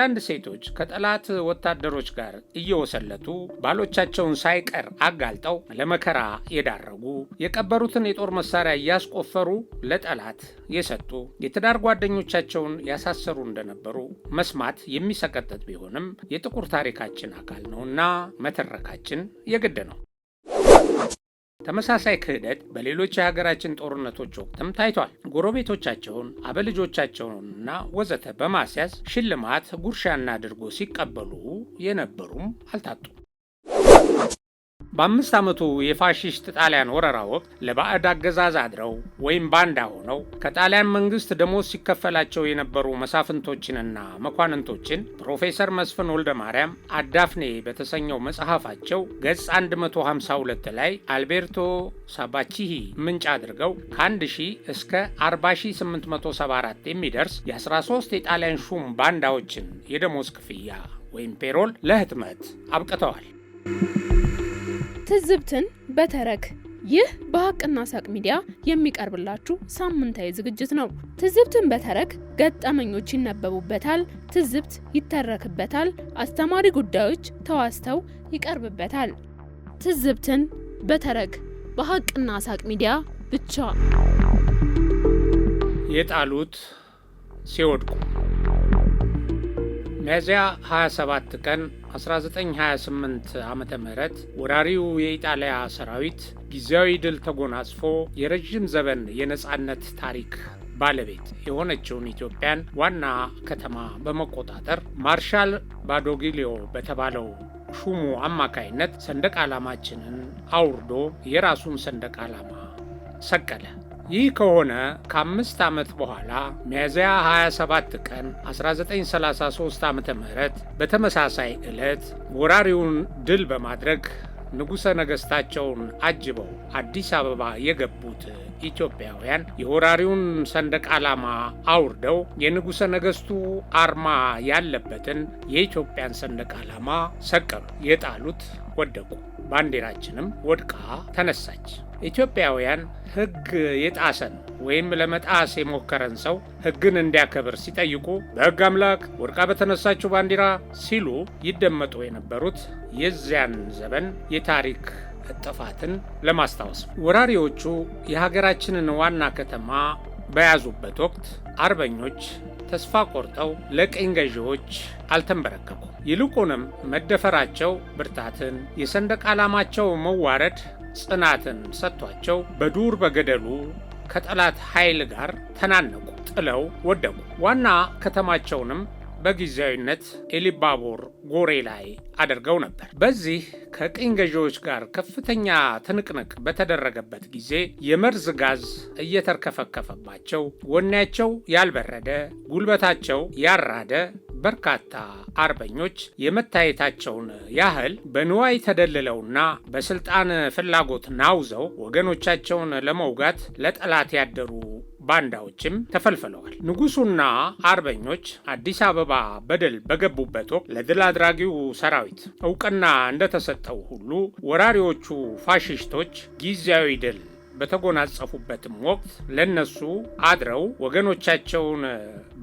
አንዳንድ ሴቶች ከጠላት ወታደሮች ጋር እየወሰለቱ ባሎቻቸውን ሳይቀር አጋልጠው ለመከራ የዳረጉ የቀበሩትን የጦር መሳሪያ እያስቆፈሩ ለጠላት የሰጡ የትዳር ጓደኞቻቸውን ያሳሰሩ እንደነበሩ መስማት የሚሰቀጠጥ ቢሆንም የጥቁር ታሪካችን አካል ነውና መተረካችን የግድ ነው። ተመሳሳይ ክህደት በሌሎች የሀገራችን ጦርነቶች ወቅትም ታይቷል። ጎረቤቶቻቸውን፣ አበልጆቻቸውንና ወዘተ በማስያዝ ሽልማት ጉርሻና አድርጎ ሲቀበሉ የነበሩም አልታጡም። በአምስት ዓመቱ የፋሽስት ጣሊያን ወረራ ወቅት ለባዕድ አገዛዝ አድረው ወይም ባንዳ ሆነው ከጣሊያን መንግስት ደሞዝ ሲከፈላቸው የነበሩ መሳፍንቶችንና መኳንንቶችን ፕሮፌሰር መስፍን ወልደ ማርያም አዳፍኔ በተሰኘው መጽሐፋቸው ገጽ 152 ላይ አልቤርቶ ሳባቺሂ ምንጭ አድርገው ከ1000 እስከ 40874 የሚደርስ የ13 የጣሊያን ሹም ባንዳዎችን የደሞዝ ክፍያ ወይም ፔሮል ለህትመት አብቅተዋል። ትዝብትን በተረክ ይህ በሀቅና ሳቅ ሚዲያ የሚቀርብላችሁ ሳምንታዊ ዝግጅት ነው። ትዝብትን በተረክ ገጠመኞች ይነበቡበታል፣ ትዝብት ይተረክበታል፣ አስተማሪ ጉዳዮች ተዋስተው ይቀርብበታል። ትዝብትን በተረክ በሀቅና ሳቅ ሚዲያ ብቻ። የጣሉት ሲወድቁ ሚያዝያ 27 ቀን 1928 ዓ ም ወራሪው የኢጣሊያ ሰራዊት ጊዜያዊ ድል ተጎናጽፎ የረዥም ዘመን የነፃነት ታሪክ ባለቤት የሆነችውን ኢትዮጵያን ዋና ከተማ በመቆጣጠር ማርሻል ባዶጊሊዮ በተባለው ሹሙ አማካይነት ሰንደቅ ዓላማችንን አውርዶ የራሱን ሰንደቅ ዓላማ ሰቀለ። ይህ ከሆነ ከአምስት ዓመት በኋላ ሚያዝያ 27 ቀን 1933 ዓ ም በተመሳሳይ ዕለት ወራሪውን ድል በማድረግ ንጉሠ ነገሥታቸውን አጅበው አዲስ አበባ የገቡት ኢትዮጵያውያን የወራሪውን ሰንደቅ ዓላማ አውርደው የንጉሠ ነገሥቱ አርማ ያለበትን የኢትዮጵያን ሰንደቅ ዓላማ ሰቀሉ። የጣሉት ወደቁ፣ ባንዲራችንም ወድቃ ተነሳች። ኢትዮጵያውያን ሕግ የጣሰን ወይም ለመጣስ የሞከረን ሰው ሕግን እንዲያከብር ሲጠይቁ በሕግ አምላክ ወድቃ በተነሳችው ባንዲራ ሲሉ ይደመጡ የነበሩት የዚያን ዘመን የታሪክ ጥፋትን ለማስታወስ ወራሪዎቹ የሀገራችንን ዋና ከተማ በያዙበት ወቅት አርበኞች ተስፋ ቆርጠው ለቅኝ ገዢዎች አልተንበረከኩ ይልቁንም መደፈራቸው ብርታትን፣ የሰንደቅ ዓላማቸው መዋረድ ጽናትን ሰጥቷቸው በዱር በገደሉ ከጠላት ኃይል ጋር ተናነቁ፣ ጥለው ወደቁ። ዋና ከተማቸውንም በጊዜያዊነት ኤሊባቡር ጎሬ ላይ አድርገው ነበር። በዚህ ከቅኝ ገዢዎች ጋር ከፍተኛ ትንቅንቅ በተደረገበት ጊዜ የመርዝ ጋዝ እየተርከፈከፈባቸው ወኔያቸው ያልበረደ ጉልበታቸው ያራደ በርካታ አርበኞች የመታየታቸውን ያህል በንዋይ ተደልለውና በስልጣን ፍላጎት ናውዘው ወገኖቻቸውን ለመውጋት ለጠላት ያደሩ ባንዳዎችም ተፈልፍለዋል። ንጉሱና አርበኞች አዲስ አበባ በድል በገቡበት ወቅት ለድል አድራጊው ሰራዊት እውቅና እንደተሰጠው ሁሉ ወራሪዎቹ ፋሽስቶች ጊዜያዊ ድል በተጎናጸፉበትም ወቅት ለነሱ አድረው ወገኖቻቸውን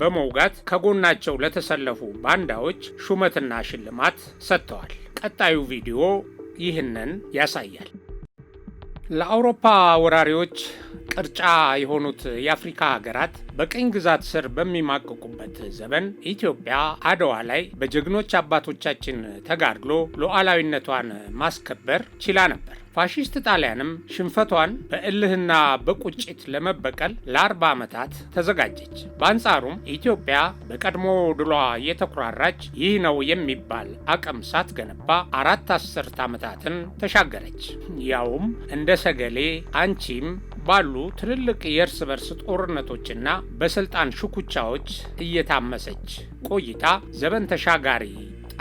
በመውጋት ከጎናቸው ለተሰለፉ ባንዳዎች ሹመትና ሽልማት ሰጥተዋል። ቀጣዩ ቪዲዮ ይህንን ያሳያል። ለአውሮፓ ወራሪዎች ቅርጫ የሆኑት የአፍሪካ ሀገራት በቅኝ ግዛት ስር በሚማቅቁበት ዘመን ኢትዮጵያ አድዋ ላይ በጀግኖች አባቶቻችን ተጋድሎ ሉዓላዊነቷን ማስከበር ችላ ነበር። ፋሽስት ጣሊያንም ሽንፈቷን በእልህና በቁጭት ለመበቀል ለአርባ ዓመታት ተዘጋጀች። በአንጻሩም ኢትዮጵያ በቀድሞ ድሏ የተኩራራች ይህ ነው የሚባል አቅም ሳትገነባ አራት አስርት ዓመታትን ተሻገረች። ያውም እንደ ሰገሌ አንቺም ባሉ ትልልቅ የእርስ በርስ ጦርነቶችና በስልጣን ሽኩቻዎች እየታመሰች ቆይታ ዘመን ተሻጋሪ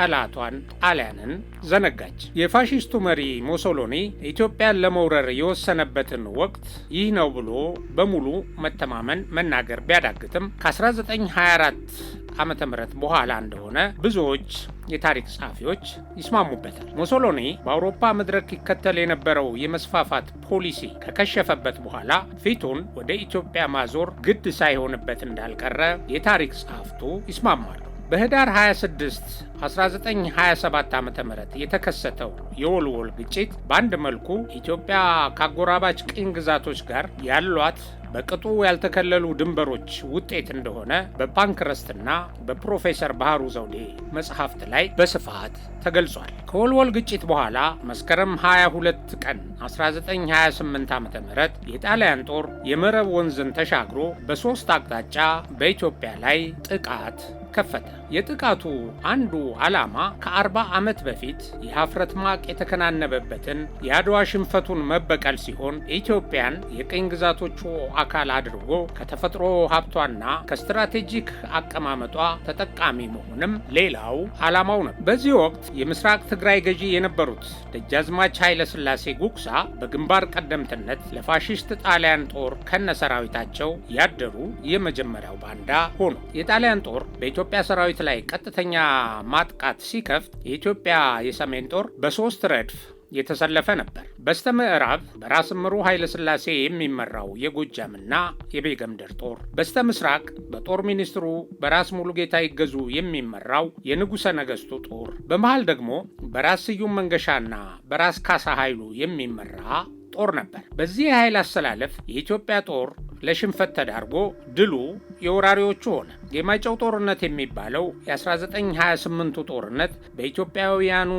ጠላቷን ጣሊያንን ዘነጋች። የፋሽስቱ መሪ ሞሶሎኒ ኢትዮጵያን ለመውረር የወሰነበትን ወቅት ይህ ነው ብሎ በሙሉ መተማመን መናገር ቢያዳግትም ከ1924 ዓመተ ምህረት በኋላ እንደሆነ ብዙዎች የታሪክ ጸሐፊዎች ይስማሙበታል። ሞሶሎኒ በአውሮፓ መድረክ ይከተል የነበረው የመስፋፋት ፖሊሲ ከከሸፈበት በኋላ ፊቱን ወደ ኢትዮጵያ ማዞር ግድ ሳይሆንበት እንዳልቀረ የታሪክ ጸሐፍቱ ይስማማሉ። በህዳር 26 1927 ዓ ም የተከሰተው የወልወል ግጭት በአንድ መልኩ ኢትዮጵያ ከአጎራባች ቅኝ ግዛቶች ጋር ያሏት በቅጡ ያልተከለሉ ድንበሮች ውጤት እንደሆነ በፓንክረስትና በፕሮፌሰር ባህሩ ዘውዴ መጽሐፍት ላይ በስፋት ተገልጿል። ከወልወል ግጭት በኋላ መስከረም 22 ቀን 1928 ዓ ም የጣሊያን ጦር የመረብ ወንዝን ተሻግሮ በሦስት አቅጣጫ በኢትዮጵያ ላይ ጥቃት ከፈተ። የጥቃቱ አንዱ ዓላማ ከአርባ ዓመት በፊት የሀፍረት ማቅ የተከናነበበትን የአድዋ ሽንፈቱን መበቀል ሲሆን ኢትዮጵያን የቅኝ ግዛቶቹ አካል አድርጎ ከተፈጥሮ ሀብቷና ከስትራቴጂክ አቀማመጧ ተጠቃሚ መሆንም ሌላው ዓላማው ነው። በዚህ ወቅት የምስራቅ ትግራይ ገዢ የነበሩት ደጃዝማች ኃይለስላሴ ጉግሳ በግንባር ቀደምትነት ለፋሽስት ጣሊያን ጦር ከነሰራዊታቸው ያደሩ የመጀመሪያው ባንዳ ሆኑ። የጣሊያን ጦር በኢትዮ በኢትዮጵያ ሰራዊት ላይ ቀጥተኛ ማጥቃት ሲከፍት የኢትዮጵያ የሰሜን ጦር በሶስት ረድፍ የተሰለፈ ነበር። በስተ ምዕራብ በራስ ምሩ ኃይለሥላሴ የሚመራው የጎጃምና የቤገምደር ጦር፣ በስተ ምስራቅ በጦር ሚኒስትሩ በራስ ሙሉ ጌታ ይገዙ የሚመራው የንጉሠ ነገሥቱ ጦር፣ በመሃል ደግሞ በራስ ስዩም መንገሻና በራስ ካሳ ኃይሉ የሚመራ ጦር ነበር። በዚህ የኃይል አሰላለፍ የኢትዮጵያ ጦር ለሽንፈት ተዳርጎ ድሉ የወራሪዎቹ ሆነ። የማይጨው ጦርነት የሚባለው የ1928ቱ ጦርነት በኢትዮጵያውያኑ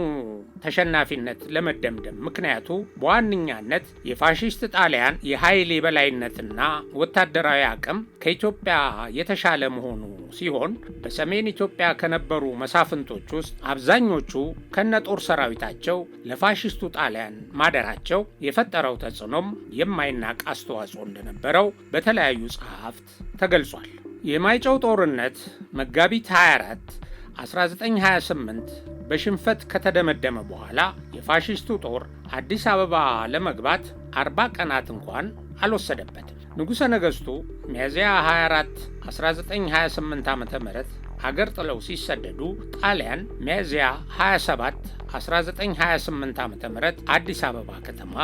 ተሸናፊነት ለመደምደም ምክንያቱ በዋነኛነት የፋሽስት ጣሊያን የኃይል የበላይነትና ወታደራዊ አቅም ከኢትዮጵያ የተሻለ መሆኑ ሲሆን በሰሜን ኢትዮጵያ ከነበሩ መሳፍንቶች ውስጥ አብዛኞቹ ከነ ጦር ሰራዊታቸው ለፋሽስቱ ጣሊያን ማደራቸው የፈጠረው ተጽዕኖም የማይናቅ አስተዋጽኦ እንደነበረው በተለያዩ ጸሐፍት ተገልጿል። የማይጨው ጦርነት መጋቢት 24 1928 በሽንፈት ከተደመደመ በኋላ የፋሽስቱ ጦር አዲስ አበባ ለመግባት 40 ቀናት እንኳን አልወሰደበትም። ንጉሠ ነገሥቱ ሚያዝያ 24 1928 ዓ ም አገር ጥለው ሲሰደዱ ጣሊያን ሚያዝያ 27 1928 ዓ ም አዲስ አበባ ከተማ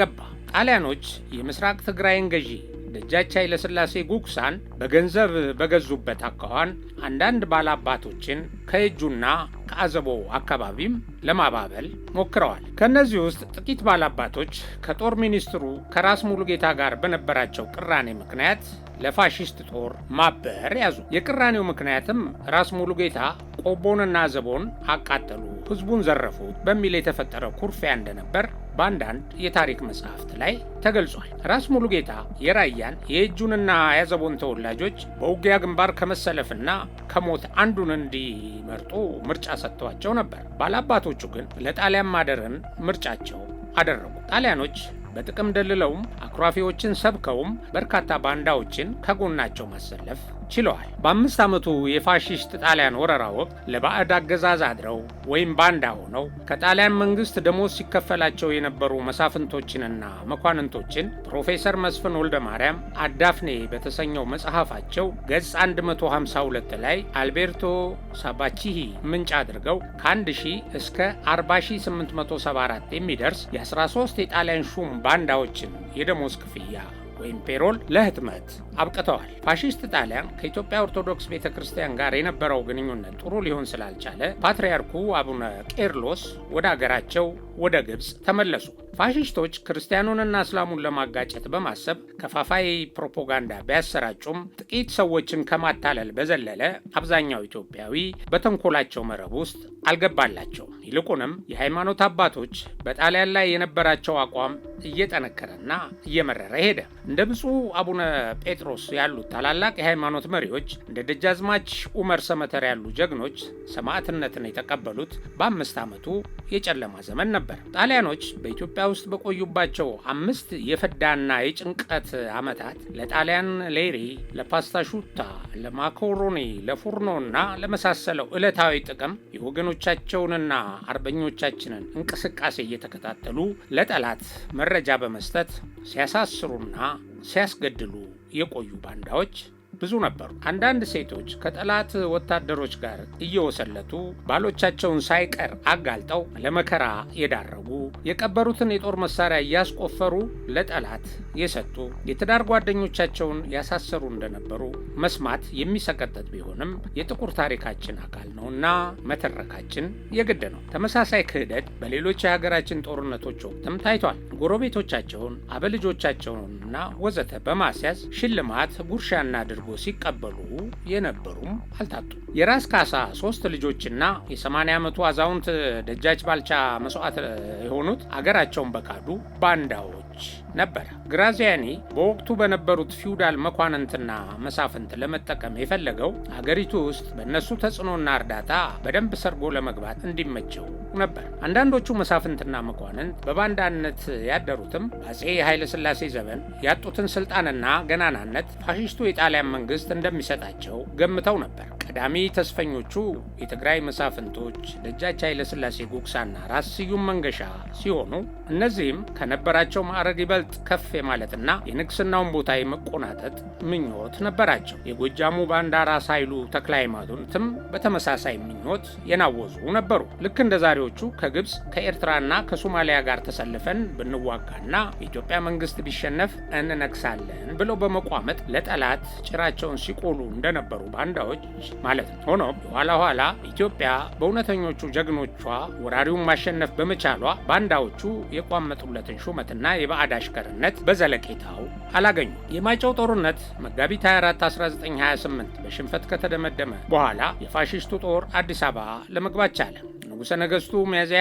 ገባ። ጣሊያኖች የምስራቅ ትግራይን ገዢ ደጃች ኃይለሥላሴ ጉግሳን በገንዘብ በገዙበት አካኋን አንዳንድ ባላባቶችን ከእጁና ከአዘቦ አካባቢም ለማባበል ሞክረዋል። ከእነዚህ ውስጥ ጥቂት ባላባቶች ከጦር ሚኒስትሩ ከራስ ሙሉጌታ ጋር በነበራቸው ቅራኔ ምክንያት ለፋሽስት ጦር ማበር ያዙ። የቅራኔው ምክንያትም ራስ ሙሉጌታ ቆቦንና አዘቦን አቃጠሉ፣ ህዝቡን ዘረፉ በሚል የተፈጠረ ኩርፊያ እንደነበር በአንዳንድ የታሪክ መጽሐፍት ላይ ተገልጿል። ራስ ሙሉጌታ የራያን የእጁንና የአዘቦን ተወላጆች በውጊያ ግንባር ከመሰለፍና ከሞት አንዱን እንዲመርጡ ምርጫ ሰጥተዋቸው ነበር። ባላባቶቹ ግን ለጣሊያን ማደርን ምርጫቸው አደረጉ። ጣሊያኖች በጥቅም ደልለውም አኩራፊዎችን ሰብከውም በርካታ ባንዳዎችን ከጎናቸው ማሰለፍ ችለዋል። በአምስት ዓመቱ የፋሽስት ጣሊያን ወረራ ወቅት ለባዕድ አገዛዝ አድረው ወይም ባንዳ ሆነው ከጣሊያን መንግስት ደሞዝ ሲከፈላቸው የነበሩ መሳፍንቶችንና መኳንንቶችን ፕሮፌሰር መስፍን ወልደ ማርያም አዳፍኔ በተሰኘው መጽሐፋቸው ገጽ 152 ላይ አልቤርቶ ሳባቺሂ ምንጭ አድርገው ከ1000 እስከ 40874 የሚደርስ የ13 የጣሊያን ሹም ባንዳዎችን የደሞዝ ክፍያ ወይም ፔሮል ለህትመት አብቅተዋል። ፋሺስት ጣሊያን ከኢትዮጵያ ኦርቶዶክስ ቤተ ክርስቲያን ጋር የነበረው ግንኙነት ጥሩ ሊሆን ስላልቻለ ፓትርያርኩ አቡነ ቄርሎስ ወደ አገራቸው ወደ ግብፅ ተመለሱ። ፋሺስቶች ክርስቲያኑንና እስላሙን ለማጋጨት በማሰብ ከፋፋይ ፕሮፓጋንዳ ቢያሰራጩም ጥቂት ሰዎችን ከማታለል በዘለለ አብዛኛው ኢትዮጵያዊ በተንኮላቸው መረብ ውስጥ አልገባላቸውም። ይልቁንም የሃይማኖት አባቶች በጣሊያን ላይ የነበራቸው አቋም እየጠነከረና እየመረረ ሄደ። እንደ ብፁዕ አቡነ ጴጥሮስ ያሉት ታላላቅ የሃይማኖት መሪዎች እንደ ደጃዝማች ኡመር ሰመተር ያሉ ጀግኖች ሰማዕትነትን የተቀበሉት በአምስት ዓመቱ የጨለማ ዘመን ነበር። ጣሊያኖች በኢትዮጵያ ውስጥ በቆዩባቸው አምስት የፈዳና የጭንቀት ዓመታት ለጣሊያን ሌሪ፣ ለፓስታሹታ፣ ለማካሮኒ፣ ለፉርኖና ለመሳሰለው ዕለታዊ ጥቅም የወገኖቻቸውንና አርበኞቻችንን እንቅስቃሴ እየተከታተሉ ለጠላት መረጃ በመስጠት ሲያሳስሩና ሲያስገድሉ የቆዩ ባንዳዎች ብዙ ነበሩ። አንዳንድ ሴቶች ከጠላት ወታደሮች ጋር እየወሰለቱ ባሎቻቸውን ሳይቀር አጋልጠው ለመከራ የዳረጉ የቀበሩትን የጦር መሳሪያ እያስቆፈሩ ለጠላት የሰጡ የትዳር ጓደኞቻቸውን ያሳሰሩ እንደነበሩ መስማት የሚሰቀጠጥ ቢሆንም የጥቁር ታሪካችን አካል ነውና መተረካችን የግድ ነው። ተመሳሳይ ክህደት በሌሎች የሀገራችን ጦርነቶች ወቅትም ታይቷል። ጎረቤቶቻቸውን፣ አበልጆቻቸውንና ወዘተ በማስያዝ ሽልማት ጉርሻና አድርጎ አድርጎ ሲቀበሉ የነበሩም አልታጡም። የራስ ካሳ ሶስት ልጆችና የ80 ዓመቱ አዛውንት ደጃች ባልቻ መስዋዕት የሆኑት አገራቸውን በካዱ ባንዳዎች ተደራጅ ነበረ። ግራዚያኒ በወቅቱ በነበሩት ፊውዳል መኳንንትና መሳፍንት ለመጠቀም የፈለገው አገሪቱ ውስጥ በእነሱ ተጽዕኖና እርዳታ በደንብ ሰርጎ ለመግባት እንዲመቸው ነበር። አንዳንዶቹ መሳፍንትና መኳንንት በባንዳነት ያደሩትም በአጼ ኃይለ ዘመን ያጡትን ስልጣንና ገናናነት ፋሽስቱ የጣሊያን መንግስት እንደሚሰጣቸው ገምተው ነበር። ቀዳሚ ተስፈኞቹ የትግራይ መሳፍንቶች ደጃች ኃይለሥላሴ ጉግሳና ራስ ስዩም መንገሻ ሲሆኑ እነዚህም ከነበራቸው ማዕረግ ይበልጥ ከፍ የማለትና የንግስናውን ቦታ የመቆናጠጥ ምኞት ነበራቸው። የጎጃሙ ባንዳ ራስ ኃይሉ ተክለ ሃይማኖትም በተመሳሳይ ምኞት የናወዙ ነበሩ። ልክ እንደ ዛሬዎቹ ከግብፅ ከኤርትራና ከሶማሊያ ጋር ተሰልፈን ብንዋጋና የኢትዮጵያ መንግስት ቢሸነፍ እንነግሳለን ብለው በመቋመጥ ለጠላት ጭራቸውን ሲቆሉ እንደነበሩ ባንዳዎች ማለት ነው። ሆኖም የኋላ ኋላ ኢትዮጵያ በእውነተኞቹ ጀግኖቿ ወራሪውን ማሸነፍ በመቻሏ ባንዳዎቹ የቋመጡለትን ሹመትና የባዕድ አሽከርነት በዘለቄታው አላገኙ። የማይጨው ጦርነት መጋቢት 24 1928 በሽንፈት ከተደመደመ በኋላ የፋሽስቱ ጦር አዲስ አበባ ለመግባት ቻለ። ንጉሠ ነገሥቱ ሚያዝያ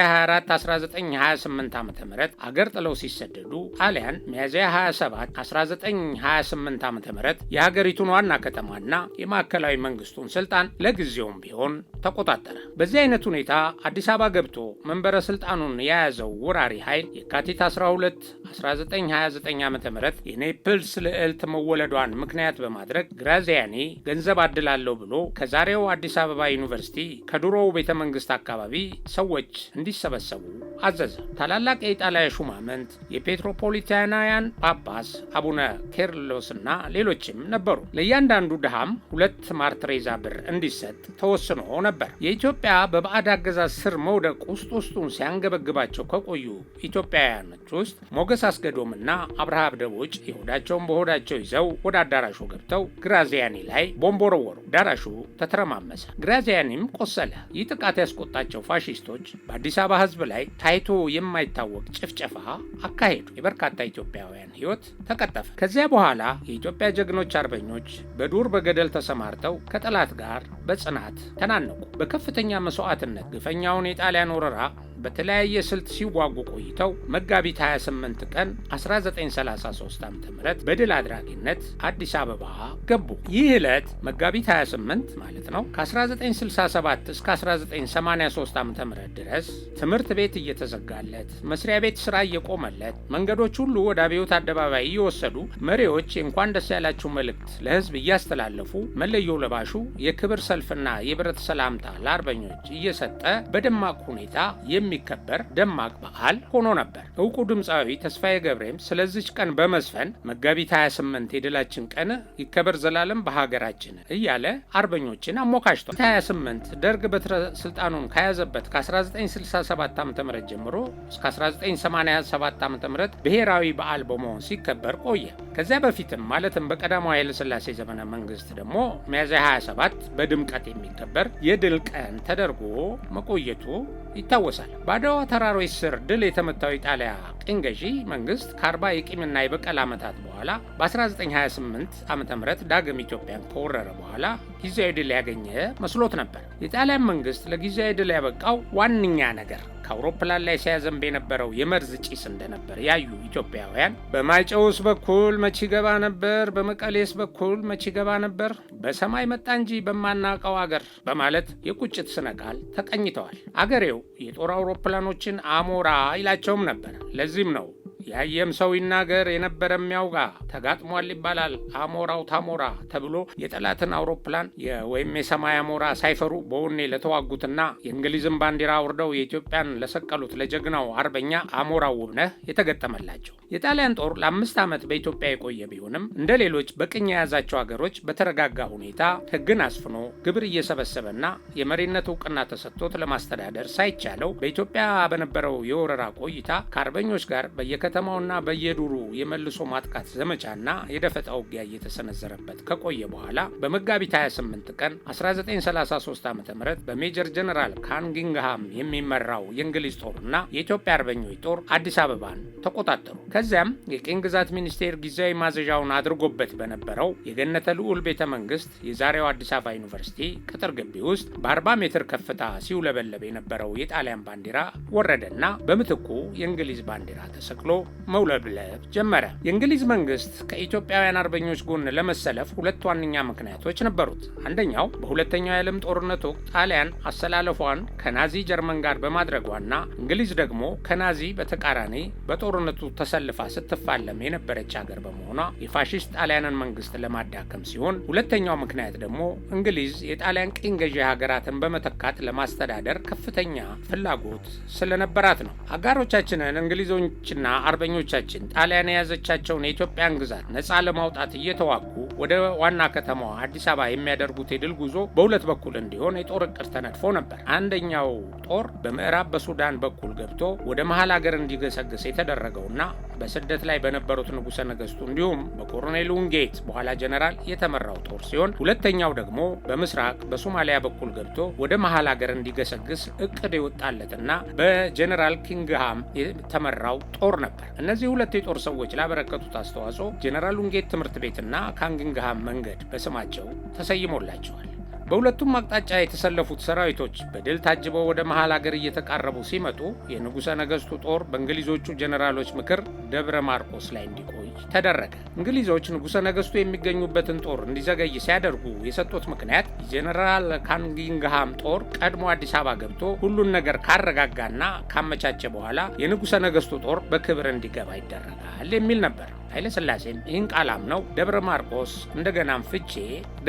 24 1928 ዓ ም አገር ጥለው ሲሰደዱ ጣሊያን ሚያዝያ 27 1928 ዓ ም የሀገሪቱን ዋና ከተማና የማዕከላዊ መንግስቱን ስልጣን ለጊዜውም ቢሆን ተቆጣጠረ። በዚህ አይነት ሁኔታ አዲስ አበባ ገብቶ መንበረ ስልጣኑን የያዘው ወራሪ ኃይል የካቲት 12 1929 ዓ ም የኔፕልስ ልዕልት መወለዷን ምክንያት በማድረግ ግራዚያኒ ገንዘብ አድላለሁ ብሎ ከዛሬው አዲስ አበባ ዩኒቨርሲቲ ከድሮው ቤተ መንግስት አካባቢ ሰዎች እንዲሰበሰቡ አዘዘ። ታላላቅ የኢጣሊያ ሹማምንት፣ የፔትሮፖሊታናውያን ጳጳስ አቡነ ኬርሎስና ሌሎችም ነበሩ። ለእያንዳንዱ ድሃም ሁለት ማርትሬዛ ብር እንዲሰጥ ተወስኖ ነበር። የኢትዮጵያ በባዕድ አገዛዝ ስር መውደቅ ውስጥ ውስጡን ሲያንገበግባቸው ከቆዩ ኢትዮጵያውያኖች ውስጥ ሞገስ አስገዶምና አብርሃ ደቦጭ የሆዳቸውን በሆዳቸው ይዘው ወደ አዳራሹ ገብተው ግራዚያኒ ላይ ቦምብ ወረወሩ። አዳራሹ ተተረማመሰ፣ ግራዚያኒም ቆሰለ። ይህ ጥቃት ያስቆጣቸው ፋሽስቶች በአዲስ አበባ ሕዝብ ላይ ታይቶ የማይታወቅ ጭፍጨፋ አካሄዱ። የበርካታ ኢትዮጵያውያን ሕይወት ተቀጠፈ። ከዚያ በኋላ የኢትዮጵያ ጀግኖች አርበኞች በዱር በገደል ተሰማርተው ከጠላት ጋር በጽናት ተናነቁ። በከፍተኛ መስዋዕትነት ግፈኛውን የጣሊያን ወረራ በተለያየ ስልት ሲዋጉ ቆይተው መጋቢት 28 ቀን 1933 ዓ ም በድል አድራጊነት አዲስ አበባ ገቡ። ይህ ዕለት መጋቢት 28 ማለት ነው ከ1967 እስከ 1983 ዓ ም ድረስ ትምህርት ቤት እየተዘጋለት፣ መስሪያ ቤት ስራ እየቆመለት፣ መንገዶች ሁሉ ወደ አብዮት አደባባይ እየወሰዱ መሪዎች እንኳን ደስ ያላችሁ መልእክት ለህዝብ እያስተላለፉ መለዮ ለባሹ የክብር ሰልፍና የብረት ሰላምታ ለአርበኞች እየሰጠ በደማቅ ሁኔታ የሚ የሚከበር ደማቅ በዓል ሆኖ ነበር። እውቁ ድምፃዊ ተስፋዬ ገብሬም ስለዚች ቀን በመዝፈን መጋቢት 28 የድላችን ቀን ይከበር ዘላለም በሀገራችን እያለ አርበኞችን አሞካሽቷል። 28 ደርግ በትረ ስልጣኑን ከያዘበት ከ1967 ዓ ም ጀምሮ እስከ 1987 ዓ ም ብሔራዊ በዓል በመሆን ሲከበር ቆየ። ከዚያ በፊትም ማለትም በቀዳማዊ ኃይለሥላሴ ዘመነ መንግስት ደግሞ ሚያዝያ 27 በድምቀት የሚከበር የድል ቀን ተደርጎ መቆየቱ ይታወሳል። በአድዋ ተራሮች ስር ድል የተመታው የጣሊያ ቅኝ ገዢ መንግስት ከአርባ የቂምና የበቀል ዓመታት በኋላ በ1928 ዓ ም ዳግም ኢትዮጵያን ከወረረ በኋላ ጊዜያዊ ድል ያገኘ መስሎት ነበር። የጣሊያን መንግስት ለጊዜያዊ ድል ያበቃው ዋነኛ ነገር ከአውሮፕላን ላይ ሲያዘንብ የነበረው የመርዝ ጭስ እንደነበር ያዩ ኢትዮጵያውያን በማይጨውስ በኩል መቺ ገባ ነበር፣ በመቀሌስ በኩል መቺ ገባ ነበር፣ በሰማይ መጣ እንጂ በማናውቀው አገር በማለት የቁጭት ስነ ቃል ተቀኝተዋል። አገሬው የጦር አውሮፕላኖችን አሞራ ይላቸውም ነበር። ለዚህም ነው ያየም ሰው ይናገር፣ የነበረም ያውጋ። ተጋጥሟል ይባላል አሞራው ታሞራ ተብሎ የጠላትን አውሮፕላን ወይም የሰማይ አሞራ ሳይፈሩ በውኔ ለተዋጉትና የእንግሊዝን ባንዲራ አውርደው የኢትዮጵያን ለሰቀሉት ለጀግናው አርበኛ አሞራው ውብነህ የተገጠመላቸው የጣሊያን ጦር ለአምስት ዓመት በኢትዮጵያ የቆየ ቢሆንም እንደ ሌሎች በቅኝ የያዛቸው ሀገሮች በተረጋጋ ሁኔታ ሕግን አስፍኖ ግብር እየሰበሰበና የመሪነት እውቅና ተሰጥቶት ለማስተዳደር ሳይቻለው በኢትዮጵያ በነበረው የወረራ ቆይታ ከአርበኞች ጋር በየከተማውና በየዱሩ የመልሶ ማጥቃት ዘመቻና የደፈጣ ውጊያ እየተሰነዘረበት ከቆየ በኋላ በመጋቢት 28 ቀን 1933 ዓ ም በሜጀር ጀነራል ካንጊንግሃም የሚመራው የእንግሊዝ ጦርና የኢትዮጵያ አርበኞች ጦር አዲስ አበባን ተቆጣጠሩ። ከዚያም የቅኝ ግዛት ሚኒስቴር ጊዜያዊ ማዘዣውን አድርጎበት በነበረው የገነተ ልዑል ቤተ መንግስት የዛሬው አዲስ አበባ ዩኒቨርሲቲ ቅጥር ግቢ ውስጥ በ40 ሜትር ከፍታ ሲውለበለብ የነበረው የጣሊያን ባንዲራ ወረደና በምትኩ የእንግሊዝ ባንዲራ ተሰቅሎ መውለብለብ ጀመረ። የእንግሊዝ መንግስት ከኢትዮጵያውያን አርበኞች ጎን ለመሰለፍ ሁለት ዋነኛ ምክንያቶች ነበሩት። አንደኛው በሁለተኛው የዓለም ጦርነት ወቅት ጣሊያን አሰላለፏን ከናዚ ጀርመን ጋር በማድረጓና እንግሊዝ ደግሞ ከናዚ በተቃራኒ በጦርነቱ ተሰለ ተሰልፋ ስትፋለም የነበረች ሀገር በመሆኗ የፋሽስት ጣሊያንን መንግስት ለማዳከም ሲሆን፣ ሁለተኛው ምክንያት ደግሞ እንግሊዝ የጣሊያን ቅኝ ገዢ ሀገራትን በመተካት ለማስተዳደር ከፍተኛ ፍላጎት ስለነበራት ነው። አጋሮቻችንን እንግሊዞችና አርበኞቻችን ጣሊያን የያዘቻቸውን የኢትዮጵያን ግዛት ነፃ ለማውጣት እየተዋጉ ወደ ዋና ከተማዋ አዲስ አበባ የሚያደርጉት የድል ጉዞ በሁለት በኩል እንዲሆን የጦር እቅድ ተነድፎ ነበር። አንደኛው ጦር በምዕራብ በሱዳን በኩል ገብቶ ወደ መሀል ሀገር እንዲገሰግስ የተደረገውና በስደት ላይ በነበሩት ንጉሰ ነገስቱ እንዲሁም በኮሎኔል ውንጌት በኋላ ጀነራል የተመራው ጦር ሲሆን ሁለተኛው ደግሞ በምስራቅ በሶማሊያ በኩል ገብቶ ወደ መሀል ሀገር እንዲገሰግስ እቅድ የወጣለትና በጀነራል ኪንግሃም የተመራው ጦር ነበር። እነዚህ ሁለት የጦር ሰዎች ላበረከቱት አስተዋጽኦ ጀነራል ውንጌት ትምህርት ቤትና ካንግንግሃም መንገድ በስማቸው ተሰይሞላቸዋል። በሁለቱም አቅጣጫ የተሰለፉት ሰራዊቶች በድል ታጅበው ወደ መሃል አገር እየተቃረቡ ሲመጡ የንጉሠ ነገሥቱ ጦር በእንግሊዞቹ ጀኔራሎች ምክር ደብረ ማርቆስ ላይ እንዲቆይ ተደረገ። እንግሊዞች ንጉሠ ነገሥቱ የሚገኙበትን ጦር እንዲዘገይ ሲያደርጉ የሰጡት ምክንያት የጀኔራል ካንጊንግሃም ጦር ቀድሞ አዲስ አበባ ገብቶ ሁሉን ነገር ካረጋጋና ካመቻቸ በኋላ የንጉሠ ነገሥቱ ጦር በክብር እንዲገባ ይደረጋል የሚል ነበር። ኃይለሥላሴም ይህን ቃል አምነው ደብረ ማርቆስ እንደገናም ፍቼ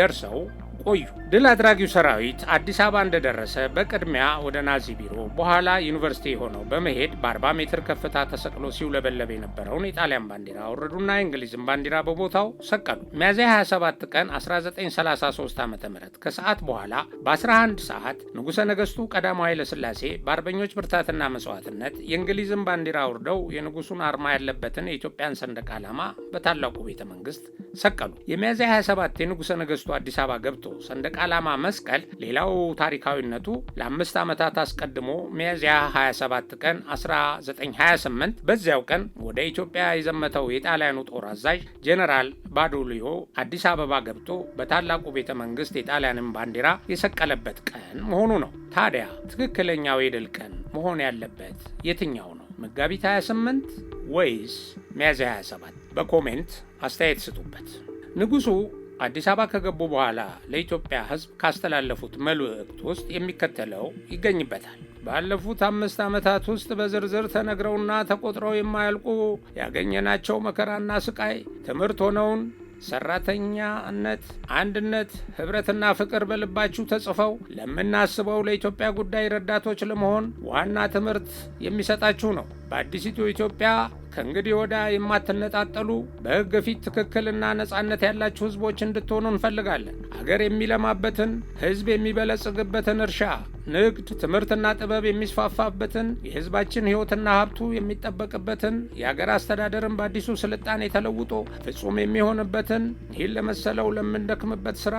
ደርሰው ቆዩ። ድል አድራጊው ሰራዊት አዲስ አበባ እንደደረሰ በቅድሚያ ወደ ናዚ ቢሮ በኋላ ዩኒቨርሲቲ የሆነው በመሄድ በ40 ሜትር ከፍታ ተሰቅሎ ሲውለበለብ የነበረውን የጣሊያን ባንዲራ አወረዱና የእንግሊዝን ባንዲራ በቦታው ሰቀሉ። ሚያዝያ 27 ቀን 1933 ዓ ም ከሰዓት በኋላ በ11 ሰዓት ንጉሠ ነገሥቱ ቀዳማዊ ሥላሴ በአርበኞች ብርታትና መስዋዕትነት የእንግሊዝን ባንዲራ አውርደው የንጉሱን አርማ ያለበትን የኢትዮጵያን ሰንደቅ ዓላማ በታላቁ ቤተ መንግስት ሰቀሉ። የሚያዝያ 27 የንጉሠ ነገሥቱ አዲስ አበባ ገብቶ ሰንደቅ ዓላማ መስቀል ሌላው ታሪካዊነቱ ለአምስት ዓመታት አስቀድሞ ሚያዝያ 27 ቀን 1928 በዚያው ቀን ወደ ኢትዮጵያ የዘመተው የጣሊያኑ ጦር አዛዥ ጄኔራል ባዶሊዮ አዲስ አበባ ገብቶ በታላቁ ቤተ መንግስት የጣሊያንን ባንዲራ የሰቀለበት ቀን መሆኑ ነው። ታዲያ ትክክለኛው የድል ቀን መሆን ያለበት የትኛው ነው? መጋቢት 28 ወይስ ሚያዝያ 27? በኮሜንት አስተያየት ስጡበት። ንጉሱ አዲስ አበባ ከገቡ በኋላ ለኢትዮጵያ ሕዝብ ካስተላለፉት መልእክት ውስጥ የሚከተለው ይገኝበታል። ባለፉት አምስት ዓመታት ውስጥ በዝርዝር ተነግረውና ተቆጥረው የማያልቁ ያገኘናቸው መከራና ስቃይ ትምህርት ሆነውን ሰራተኛነት፣ አንድነት፣ ህብረትና ፍቅር በልባችሁ ተጽፈው ለምናስበው ለኢትዮጵያ ጉዳይ ረዳቶች ለመሆን ዋና ትምህርት የሚሰጣችሁ ነው። በአዲሲቱ ኢትዮጵያ ከእንግዲህ ወዳ የማትነጣጠሉ በሕግ ፊት ትክክልና ነጻነት ያላችሁ ሕዝቦች እንድትሆኑ እንፈልጋለን። አገር የሚለማበትን ሕዝብ የሚበለጽግበትን እርሻ ንግድ፣ ትምህርትና ጥበብ የሚስፋፋበትን የህዝባችን ህይወትና ሀብቱ የሚጠበቅበትን የአገር አስተዳደርን በአዲሱ ስልጣኔ ተለውጦ ፍጹም የሚሆንበትን ይህን ለመሰለው ለምንደክምበት ስራ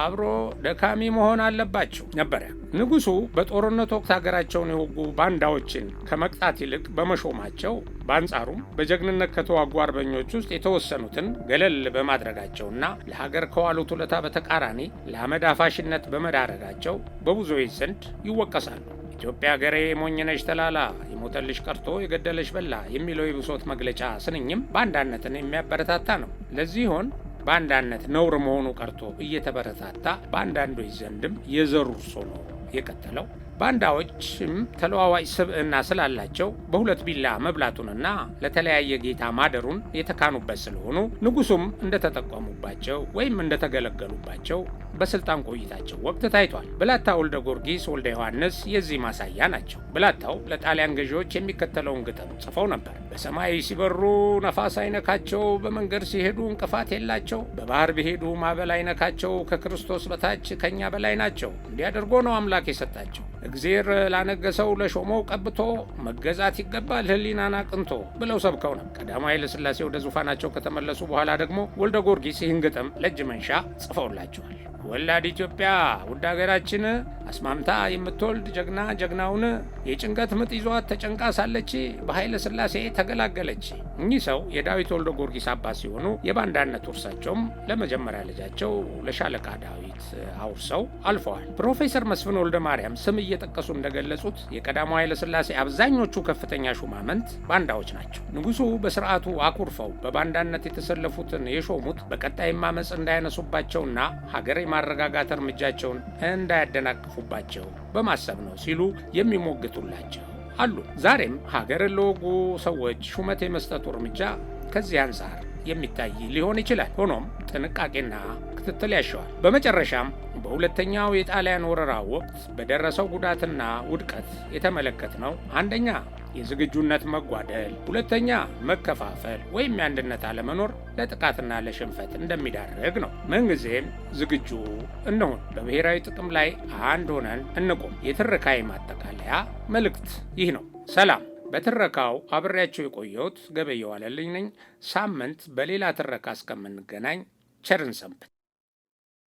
አብሮ ደካሚ መሆን አለባቸው ነበረ። ንጉሱ በጦርነት ወቅት ሀገራቸውን የወጉ ባንዳዎችን ከመቅጣት ይልቅ በመሾማቸው፣ በአንጻሩም በጀግንነት ከተዋጉ አርበኞች ውስጥ የተወሰኑትን ገለል በማድረጋቸውና ለሀገር ከዋሉት ውለታ በተቃራኒ ለአመድ አፋሽነት በመዳረጋቸው በብዙዎች ዘንድ ይወቀሳሉ። ኢትዮጵያ ገሬ ሞኝ ነሽ ተላላ፣ የሞተልሽ ቀርቶ የገደለሽ በላ የሚለው የብሶት መግለጫ ስንኝም በአንዳነትን የሚያበረታታ ነው። ለዚህ ይሆን በአንዳነት ነውር መሆኑ ቀርቶ እየተበረታታ በአንዳንዶች ዘንድም የዘሩ እርሶ ነው የቀጠለው? ባንዳዎችም ተለዋዋጭ ስብዕና ስላላቸው በሁለት ቢላ መብላቱንና ለተለያየ ጌታ ማደሩን የተካኑበት ስለሆኑ ንጉሱም እንደተጠቀሙባቸው ወይም እንደተገለገሉባቸው በስልጣን ቆይታቸው ወቅት ታይቷል። ብላታ ወልደ ጊዮርጊስ ወልደ ዮሐንስ የዚህ ማሳያ ናቸው። ብላታው ለጣሊያን ገዢዎች የሚከተለውን ግጥም ጽፈው ነበር። በሰማይ ሲበሩ ነፋስ አይነካቸው፣ በመንገድ ሲሄዱ እንቅፋት የላቸው፣ በባህር ቢሄዱ ማዕበል አይነካቸው፣ ከክርስቶስ በታች ከእኛ በላይ ናቸው። እንዲያደርጎ ነው አምላክ የሰጣቸው እግዜር ላነገሰው ለሾመው ቀብቶ መገዛት ይገባል ህሊናን አቅንቶ ብለው ሰብከው ነው። ቀዳማዊ ኃይለ ሥላሴ ወደ ዙፋናቸው ከተመለሱ በኋላ ደግሞ ወልደ ጊዮርጊስ ይህን ግጥም ለእጅ መንሻ ጽፈውላቸዋል። ወላድ ኢትዮጵያ ውድ ሀገራችን አስማምታ የምትወልድ ጀግና ጀግናውን የጭንቀት ምጥ ይዟት ተጨንቃ ሳለች በኃይለ ሥላሴ ተገላገለች። እኚህ ሰው የዳዊት ወልደ ጊዮርጊስ አባት ሲሆኑ የባንዳነት ውርሳቸውም ለመጀመሪያ ልጃቸው ለሻለቃ ዳዊት አውርሰው አልፈዋል። ፕሮፌሰር መስፍን ወልደ ማርያም ስም እየጠቀሱ እንደገለጹት የቀዳማዊ ኃይለሥላሴ አብዛኞቹ ከፍተኛ ሹማምንት ባንዳዎች ናቸው። ንጉሱ በስርዓቱ አኩርፈው በባንዳነት የተሰለፉትን የሾሙት በቀጣይ ማመፅ እንዳያነሱባቸውና ሀገር የማረጋጋት እርምጃቸውን እንዳያደናቅፉባቸው በማሰብ ነው ሲሉ የሚሞግቱላቸው አሉ። ዛሬም ሀገር ለወጉ ሰዎች ሹመት የመስጠቱ እርምጃ ከዚህ አንጻር የሚታይ ሊሆን ይችላል። ሆኖም ጥንቃቄና ክትትል ያሸዋል። በመጨረሻም በሁለተኛው የጣሊያን ወረራ ወቅት በደረሰው ጉዳትና ውድቀት የተመለከት ነው። አንደኛ የዝግጁነት መጓደል፣ ሁለተኛ መከፋፈል ወይም የአንድነት አለመኖር ለጥቃትና ለሽንፈት እንደሚዳርግ ነው። ምንጊዜም ዝግጁ እንሁን። በብሔራዊ ጥቅም ላይ አንድ ሆነን እንቆም። የትረካይ ማጠቃለያ መልእክት ይህ ነው። ሰላም። በትረካው አብሬያቸው የቆየሁት ገበየው ነኝ። ሳምንት በሌላ ትረካ እስከምንገናኝ ቸርን ሰንብት።